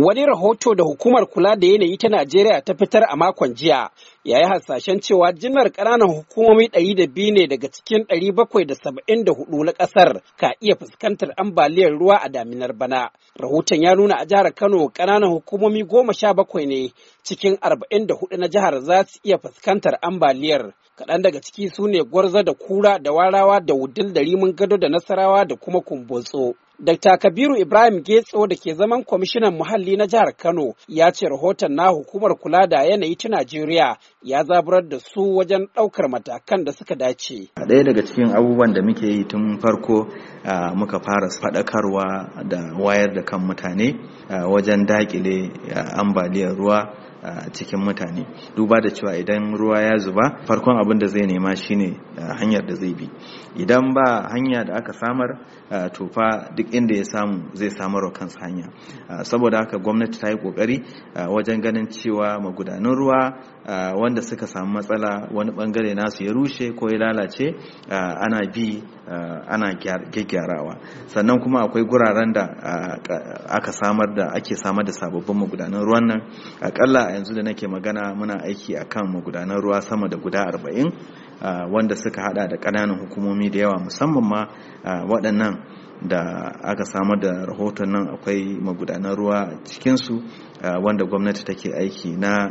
Wani rahoto da hukumar kula da yanayi ta Najeriya ta fitar a makon jiya ya yi hasashen cewa jinnar ƙananan hukumomi ɗari da biyu ne daga cikin ɗari bakwai da saba'in da hudu na ƙasar ka iya fuskantar ambaliyar ruwa a daminar bana. Rahoton ya nuna a jihar Kano ƙananan hukumomi goma sha bakwai ne cikin arba'in da hudu na jihar za su iya fuskantar ambaliyar. Kaɗan daga ciki su ne Gwarza da Kura da Warawa da Wudil da Rimin Gado da Nasarawa da kuma Kumbotso. Dr. Kabiru Ibrahim Getso da ke zaman kwamishinan muhalli na jihar Kano ya ce rahoton na hukumar kula da yanayi ta Najeriya ya zaburar da su wajen ɗaukar matakan da suka dace. Ɗaya daga cikin abubuwan da muke yi tun farko muka fara faɗakarwa da wayar da kan mutane wajen daƙile ambaliyar ruwa. cikin mutane duba da cewa idan ruwa ya zuba farkon abin da zai nema shine hanyar da zai bi idan ba hanya da aka samar tofa duk inda ya samu zai samar wa kansa hanya saboda haka gwamnati ta yi kokari wajen ganin cewa magudanan ruwa wanda suka samu matsala wani bangare nasu ya rushe ko ya lalace ana bi ana gyaggyarawa sannan kuma akwai guraren da aka samar da ake samar da sababbin magudanan ruwan nan akalla a yanzu da nake magana muna aiki a kan magudanar ruwa sama da guda arba'in wanda suka hada da ƙananan hukumomi da yawa musamman ma waɗannan da aka samar da rahoton nan akwai magudanar ruwa cikinsu wanda gwamnati take aiki na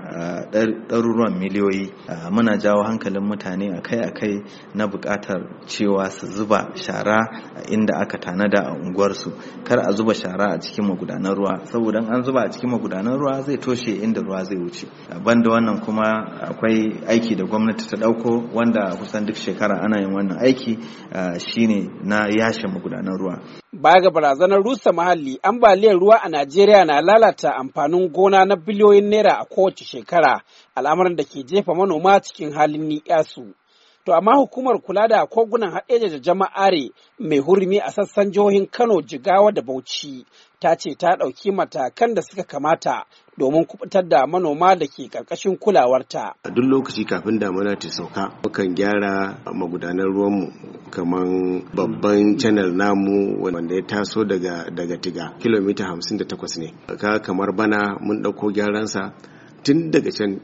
ɗaruruwan miliyoyi muna jawo hankalin mutane akai-akai na buƙatar cewa su zuba shara inda aka tanada a unguwarsu kar a zuba shara a cikin magudanan ruwa saboda an zuba a cikin magudanan ruwa zai toshe inda ruwa zai wuce banda wannan kuma akwai aiki da gwamnati ta ɗauko wanda kusan duk shekara ana yin wannan aiki shine na yashe magudanan ruwa Baya ga barazanar rusa muhalli, ambaliyar ruwa a Najeriya na lalata amfanin gona na biliyoyin naira a kowace shekara, al'amarin da ke jefa manoma cikin halin ni'yasu. To amma hukumar kula da kogunan haɗeja da jama'are mai hurumi a sassan jihohin Kano, Jigawa da Bauchi ta ce ta ɗauki matakan da suka kamata domin kubutar da manoma da ke ƙarƙashin kulawarta. A duk lokaci kafin damuna ta sauka, mukan gyara magudanar ruwanmu Kamar babban mm. channel namu wanda ya taso daga daga tiga kilomita hamsin da takwas ne ka kamar bana mun ɗauko sa tun daga can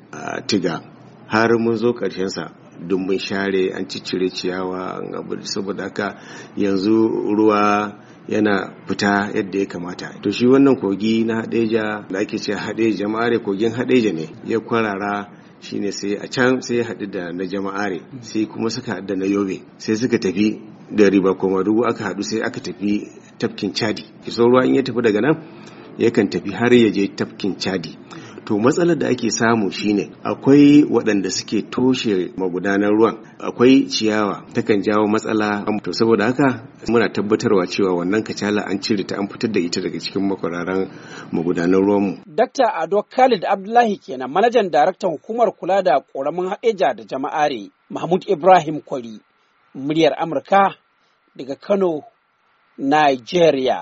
tiga har mun zo sa dumbin share an ciccire ciyawa an abu saboda haka yanzu ruwa yana fita yadda ya kamata to shi wannan kogi na hadeja da ake ce hadeja mare kogin hadeja ne ya kwarara shine sai a can sai ya haɗu da na jama'are mm. sai kuma suka haɗu da na yobe sai suka tafi da riba kuma dubu aka haɗu sai aka tafi tafkin chadi kisan ruwa in ya tafi daga nan yakan tafi har ya je tafkin chadi to matsalar da ake samu shine akwai waɗanda suke toshe magudanar ruwan akwai ciyawa takan jawo matsala to saboda haka muna tabbatarwa cewa wannan kacala an cire ta an fitar da ita daga cikin makwararan magudanar ruwanmu. Dr Ado Khalid Abdullahi kenan manajan daraktan hukumar kula da ƙoramin haɗeja da jama'are Mahmud Ibrahim Kwari muryar Amurka daga Kano, Nigeria.